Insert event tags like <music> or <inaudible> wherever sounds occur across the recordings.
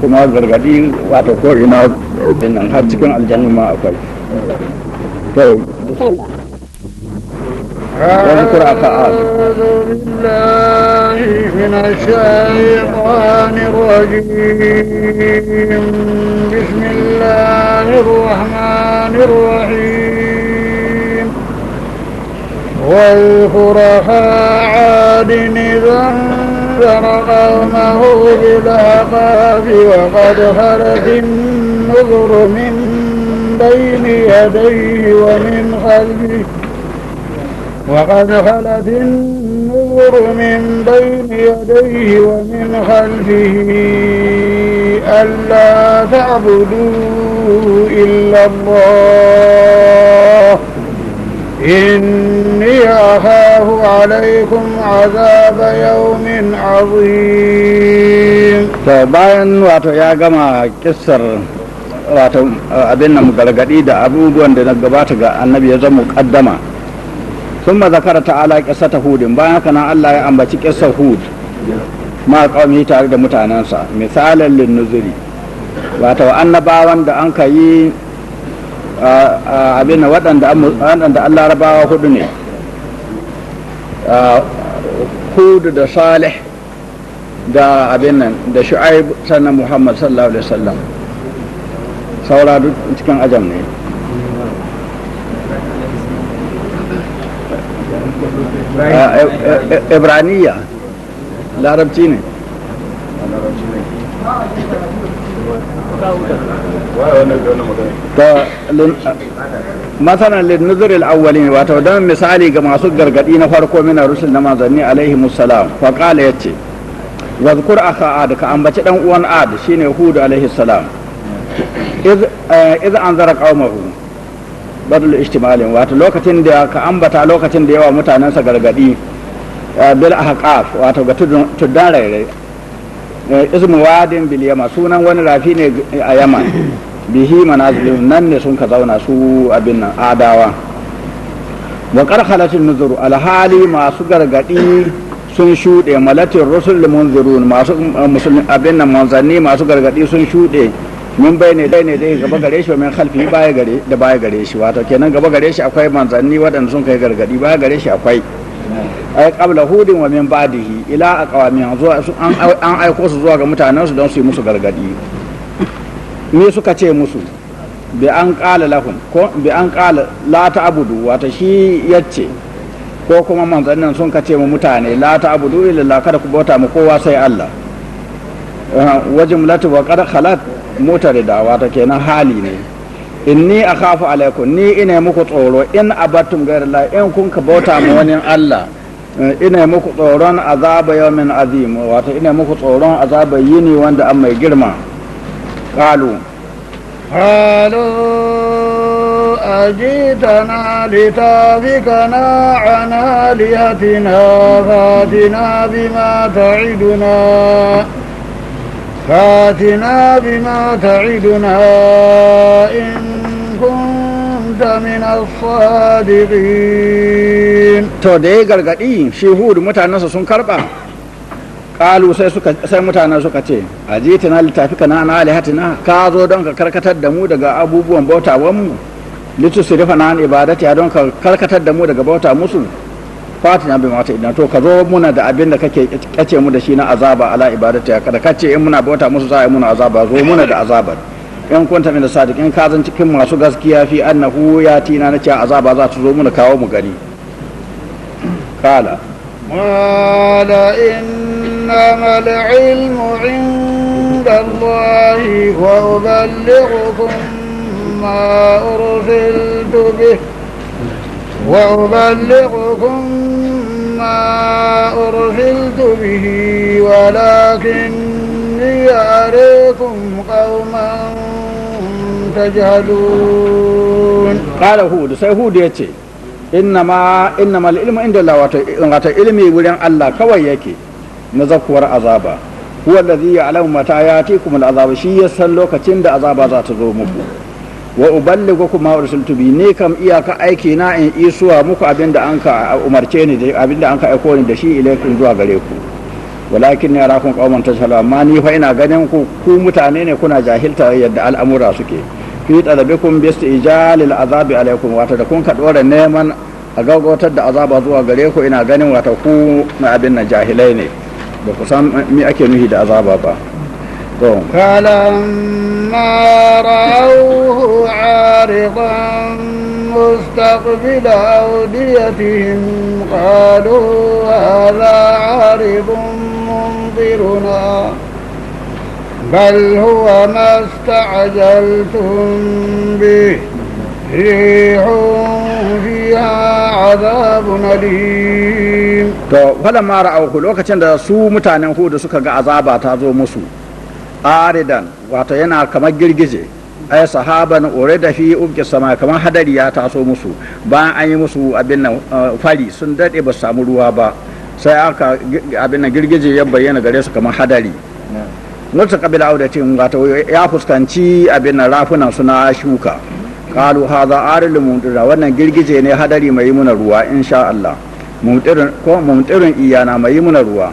kuma gargadi wato ko ina nan har cikin aljanna ma akwai to واذكر عطاء بالله من الشيطان الرجيم بسم الله الرحمن الرحيم واذكر عاد إذا أنذر قومه بالعقاب وقد خلت النذر من بين يديه ومن خلفه وقد خلت النذر من بين يديه ومن خلفه ألا تعبدوا إلا الله إني أخاف عليكم عذاب يوم عظيم to bayan wato ya gama kissar wato uh, abin nan gargadi da abubuwan da na gabata ga annabi ya zama kaddama sun ma zakara ta'ala kissa ta hudin bayan haka nan Allah ya ambaci kissar hud ma kawami tare da mutanensa misalin linnuzuri wato annabawan da an ka yi abin waɗanda waɗanda an larabawa hudu ne hudu da salih da abin nan da shu'aib sannan muhammad sallallahu alaihi wasallam saura duk cikin ajam ne e, e, e, ibraniya larabci ne masanan linzirin awali wata wa misali ga masu gargadi na farko min arzikin da na mazanin alayhimu salam wakale ya ce wasu kuri'ar ka adaka ambaci dan uwan adi shine hudu alayhis salam idan an zarafi aumur bablu istimalin wata lokacin da ya ka ambata lokacin da ya wa gargadi eh, bil a haƙaf wa ga tuddun da Eh, ismu wadin bil yama sunan wani rafi ne a yamma bihi manazilun nan ne sun ka zauna su abin nan adawa wa halatun nuzur alhali masu gargadi sun shuɗe malatin rusul munzirun masu eh, musulmi abin nan manzanni masu gargadi sun shuɗe mun bai ne dai ne dai gaba gare shi min khalfi baya gare da baya gare shi wato kenan gaba gare shi akwai manzanni waɗanda sun kai gargadi baya gare shi akwai ai kabla hudin wa min ba'dihi ila aqwamin zuwa an aiko su zuwa ga mutanensu don su yi musu gargadi me suka ce musu bi an qala lahum ko bi an qala la ta'budu wata shi yace ko kuma manzannin sun kace mu mutane la ta'budu illa kada ku bauta mu kowa sai Allah wajin mulatu wa qad khalat motar da wata kenan hali ne a akhafu alaikun ni ina muku tsoro in abattum ghayra in kun ka bauta ma wani Allah eh, ina muku tsoron azaba min azim wato ina muku tsoron azaba yini wanda an mai girma qalu qalu أجيتنا لتافكنا عن آلهتنا فاتنا بما تعدنا فاتنا بما تعدنا إن كنت من sadiqin to da ya gargadi shi mutanen mutanensa sun karba kalu sai suka sai mutanen suka ce ajita na litafika na hatina. ka zo don ka karkatar da mu daga abubuwan bautawan mu litusrifa na an ibadati don ka karkatar da mu daga bauta musu fatina bi mata idan to ka zo muna da abin da kake kace mu da shi na azaba ala ibadati kada kace in muna bauta musu za a yi muna azaba zo muna da azabar in kunta min sadiq in ka zan cikin masu gaskiya fi annahu ya tina nace azaba za ta zo mu na kawo mu gani kala wala inna mal ilmu inda allah wa ubalighukum ma ursiltu bi wa ma bihi walakin ليعريكم قوما تجهلون قال هود سي هود يتي إنما إنما العلم عند الله واتو علمي ولين الله كوي يكي نذكر عذابا huwa ya ya'lamu mata yatikum al'azab shi yasan lokacin da azaba za ta zo muku wa uballighukum ma ursiltu bi ne kam iyaka aiki na in isuwa muku abinda anka umarce ni da abinda anka aiko ni da shi ilaikum zuwa gare ku walakin ne rakun ta tajhalu amma ni fa ina ganin ku ku mutane ne kuna jahilta yadda al'amura suke fi talabikum bi ijalil azabi alaikum wato da kun ka dora neman a gaggautar da azaba zuwa gare ku ina ganin wata ku na abin na jahilai ne ba ku san me ake nuhi da azaba ba to falamma ra'awhu 'aridan مستقبل أوديتهم qalu hadha عارض نذيرنا بل هو ما استعجلتم به ريح فيها عذاب أليم to lokacin da su mutanen hudu suka ga azaba ta zo musu aridan wato yana kamar girgije ay sahaban da fi ubki sama kamar hadari ya taso musu bayan an yi musu abin nan eh, fari sun dade ba su samu ruwa ba sai aka abin na girgije ya bayyana gare su kamar hadari nutsa kabila ce wato ya fuskanci abin na rafuna suna shuka kalu haza arilu mumtira wannan girgije ne hadari mai muna ruwa insha Allah mumtirin iyana mai muna ruwa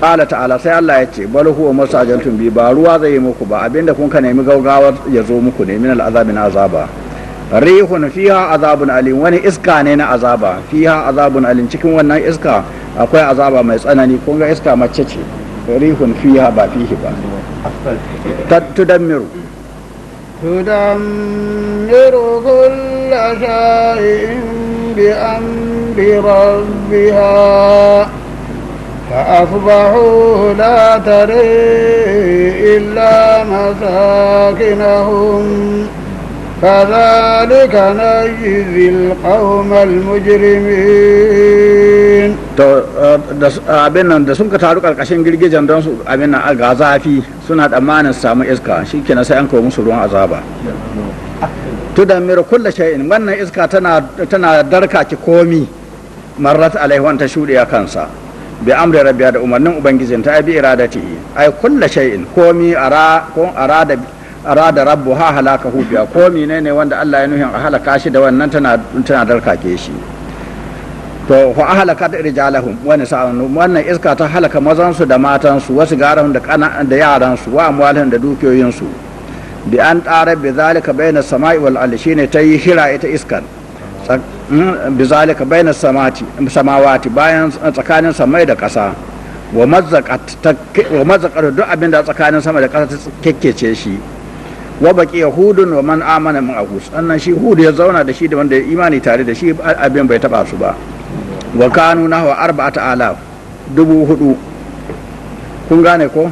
kala ta'ala sai Allah ya ce bal huwa masajaltun bi ba ruwa zai yi muku ba abinda kun ka nemi gaugawa ya zo muku ne min al'azabin azaba rihun fiha azabun alim wani iska ne na azaba fiha azabun alim cikin wannan iska akwai azaba mai tsanani kun ga iska mace ce rihun fiya ba fihi ba tudammiru miru kulla sha'in bi amri rabbiha فأصبحوا لا تري إلا مساكنهم na نجزي القوم المجرمين to eh, eh, abin nan da sun ka taru karkashin girgijen don su abin nan ga zafi suna tsammanin samu iska shi ke na sayan musu ruwan azaba to da mira kulla sha'in wannan iska tana darka ki komi marrat alaihwan ta shuɗe a kansa bi amri rabbiya da umarnin ubangijin ta bi iradati ai kulla sha'in komi a ra arada rabbu ha halaka hubiya komi ne ne wanda Allah ya nuhin a halaka shi da wannan tana tana darka ke shi to fa ahlakat rijalahum wa nisa'an wannan iska ta halaka mazansu da matansu wasu garan da kana da yaran su wa amwalin da dukiyoyin su bi an tare bi zalika bayna sama'i wal ardi shine ta yi hira ita iskan hmm, bi zalika bayna samati samawati bayan tsakanin samai da kasa wa mazzaqat wa mazzaqat duk abin da tsakanin sama da kasa ta kekkece shi wa baki yahudun wa man amana min agus sannan shi hud ya zauna da shi da wanda ya imani tare da shi abin bai taba su ba wa kanu na arba ta alaf dubu hudu kun gane ko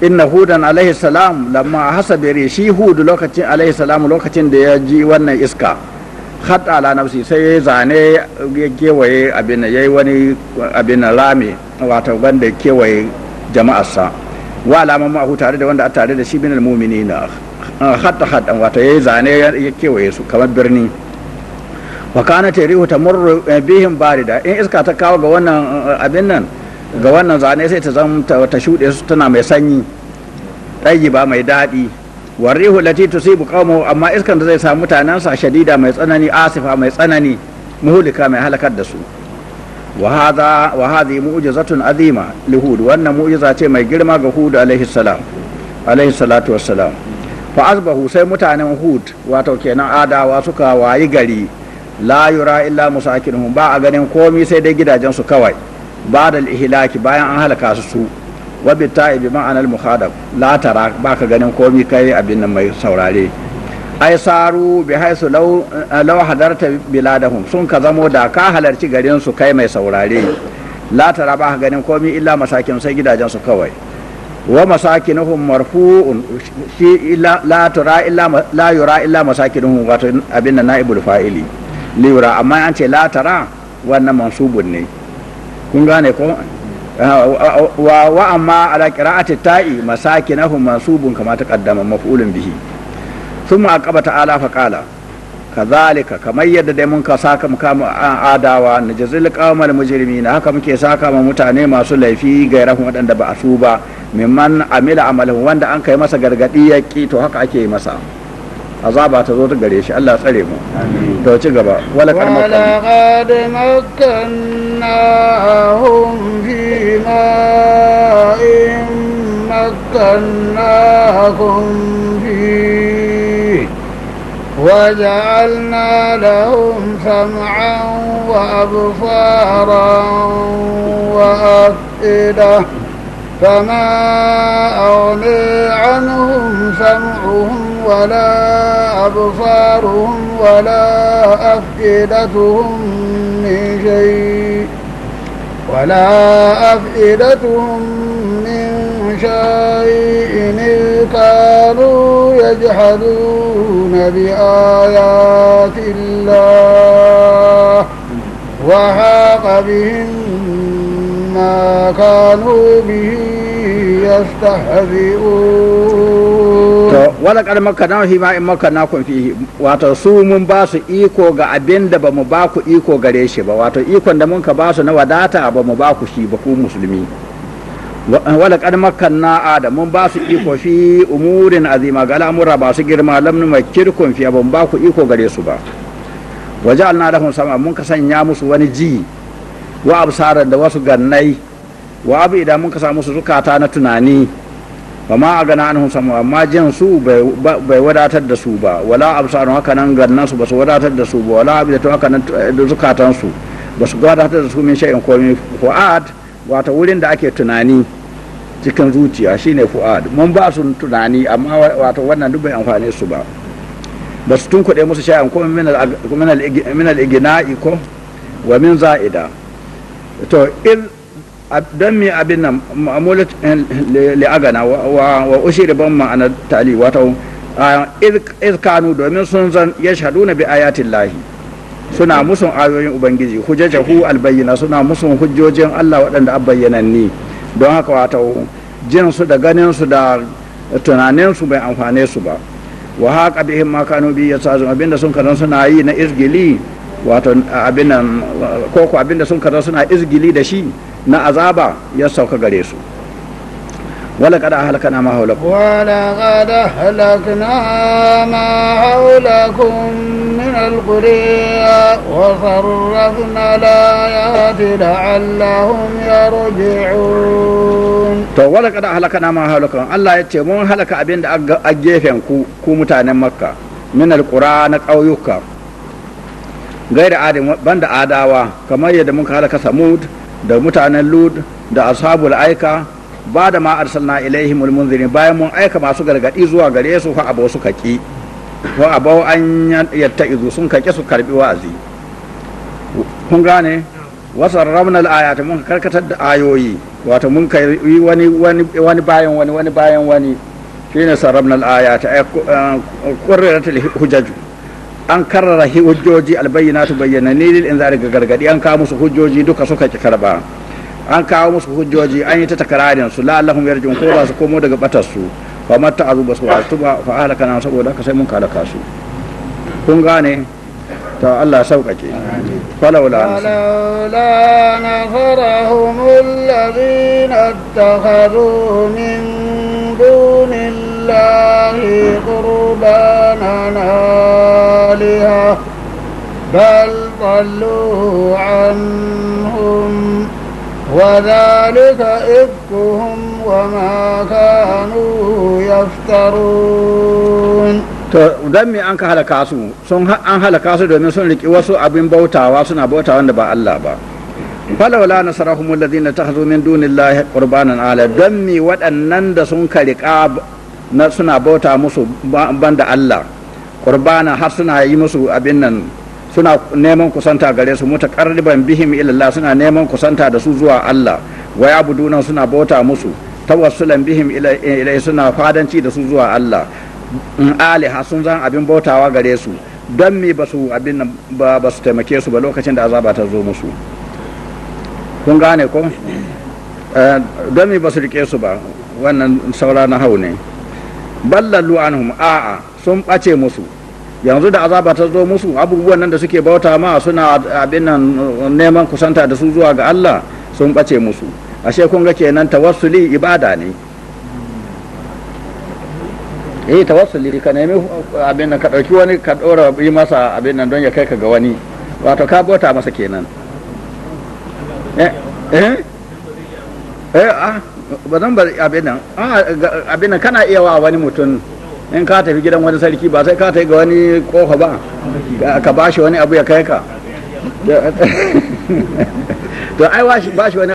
inna hudan alaihi salam lamma bere shi hudu lokacin alaihi salam lokacin da ya ji wannan iska hatta ala nafsi sai ya zane ya kewaye abin yi wani abin rame wato wanda kewaye jama'arsa wa alaman ma'ahu tare da wanda a tare da shi bin al-mu'minina hatta hatta wato yi zane ya kewaye su kamar birni wa kana tarihu tamurru eh, bihim barida in iska ta kawo ga wannan eh, abin nan ga wannan zane sai ta zama ta shuɗe su tana mai sanyi ɗayi ba mai daɗi rihu lati tusibu qaumu amma iskan da zai sa mutanen sa shadida mai tsanani asifa mai tsanani muhlika mai halakar da su wa hadha wa azima li wannan mu'jiza ce mai girma ga hud alaihi salam alaihi salatu wassalam fa sai mutanen hud wato kenan adawa suka wayi gari la yura illa musakinuhum ba a ganin komi sai dai gidajen su kawai ba da ihlaki bayan an halaka su su wa bi ta'ibi al muhadab la tara ba ka ganin komi kai abin nan mai saurare ai saru bi haisu law law hadarta biladahum sun ka zamo da ka halarci garin su kai mai saurare la tara ba ka ganin komi illa masakin sai gidajen su kawai wa masakinuhum marfu'un shi la tara illa la yura illa masakinuhum wato abin nan na'ibul fa'ili liura amma an ce latara wannan mansubun ne kun gane ko eh, wa wa amma ala qira'ati ta'i masakinahu mansubun kama qaddama maf'ulun bihi thumma aqaba ta'ala fa qala kazalika kamar yadda dai mun ka saka mu kama adawa na jazil qawmal mujrimina haka muke saka ma mutane masu laifi gairahum wadanda ba a su ba mimman amila amalan wanda an kai masa gargadi yaki to haka ake masa azaba ta zo ta gare shi Allah tsare mu to ci gaba wala kad makkan makkannahum fi ma'in makkannakum fi وجعلنا لهم سمعا وأبصارا وأفئدة فما أغني عنهم سمعهم ولا أبصارهم ولا أفئدتهم من شيء ولا أفئدتهم من شيء إن كانوا يجحدون بآيات الله وحاق بهم ما كانوا به yastahzi'un to wala kad makkana fi ma in makkana kun fihi wato su mun ba su iko ga abin da bamu ba ku iko gare shi ba wato ikon da mun ka ba su na wadata ba mu ba ku shi ba ku musulmi wala maka na ada mun ba su iko fi umurin azima ga al'amura ba su girma lam nu makkirkum fi ban ba ku iko gare su ba waja'alna lahum sama mun ka sanya musu wani ji wa absaran da wasu gannai wa abu idan mun samu su zukata na tunani ba ma a gana anhum samu amma jin su bai wadatar da su ba wala absaru haka nan gannan su ba su wadatar da su ba wala abidatu haka nan eh, zukatan su ba su wadatar da su min shay'in komi. fu'ad wata wurin da ake tunani cikin zuciya shine fu'ad mun ba su tunani amma wata wannan duk bai amfane su ba ba su tunkuɗe musu shay'an ko min al iko ko wa min za'ida to il don mi abin nan ma'amulat eh, li'agana wa ushiri ban ma'ana tali wata izkanu domin sun zan ya shaɗu na bi ayatin lahi suna musun ayoyin ubangiji hujjajahu albayyana suna musun hujjojin allah waɗanda ni. don haka wata jin su da ganin su da tunanin su bai amfane su ba wa haka bihim ma ya sa yasazun abinda sun kazan suna yi na izgili wato abin nan koko abinda sun kazan suna izgili da shi na azaba ya sauka gare su wala kada halakana ma haulakum wala kada halakna ma haulakum min alqura wa sarrafna layati la'allahum yarji'un to wala kada halakana ma haulakum Allah ya ce mun halaka abin da a gefen ku ku mutanen makka min alqura na ƙauyuka gaira adam banda adawa kamar yadda muka halaka samud da mutanen lud da ashabul aika ba da ma arsalna ilaihim almunzirin bayan mun aika masu gargadi zuwa gare su fa abau suka ki ko abau an izu sun kake su karbi wa'azi kun gane wasarramna alayat mun karkatar da ayoyi wato mun kai wani wani wani bayan wani wani bayan wani shine sarramna alayat ay eh, qurratul hujaju an karrara hujjoji bayyana bayyanani lil inzari ga gargadi an kawo musu hujjoji duka suka ki karba an kawo musu hujjoji an yi ta takararin su la allahum yarjun ko ba su komo daga batar su fa matta azu basu wa tuba fa halaka na saboda ka sai mun kalaka su kun gane ta Allah sauƙaƙe falaula falaula nafarahum ladina min duni الله قربانا آلهة بل ضلوا عنهم وذلك إفكهم وما كانوا يفترون to don me an ka halaka su sun an halaka su domin sun riki wasu abin bautawa suna bautawa wanda ba Allah ba falawla nasarahumul ladina takhadhu min dunillahi qurbanan ala don me waɗannan da sun ka riƙa na suna bauta musu ban da Allah qurbana har suna yi musu abin nan suna neman kusanta gare su mutaqarriban bihim ilallah suna neman kusanta da su zuwa Allah wa yabuduna suna bauta musu tawassulan bihim ilai suna fadanci da su zuwa Allah har sun zan abin bautawa gare su don me ba su abin nan ba su taimake su ba lokacin da azaba ta zo musu kun gane ko eh, don me ba su rike su ba wannan saura na hau ne ballallu anhum a'a sun ɓace musu yanzu da azaba ta zo musu abubuwan nan da suke bauta ma suna abin nan neman kusanta da su zuwa ga Allah sun ɓace musu ashe kun ga kenan tawassuli ibada ne eh tawassuli ka nemi uh, abin nan ka dauki wani ka dora yi masa abin nan don ya kai ka ga wani wato ka bauta masa kenan eh eh eh ah ba zan bar abinan ah, nan kana iya wa wani mutum in ka tafi gidan wani sarki ba sai ka tafi ga wani kofa ba ka bashi wani abu ya kai ka <laughs> to ai ba shi wani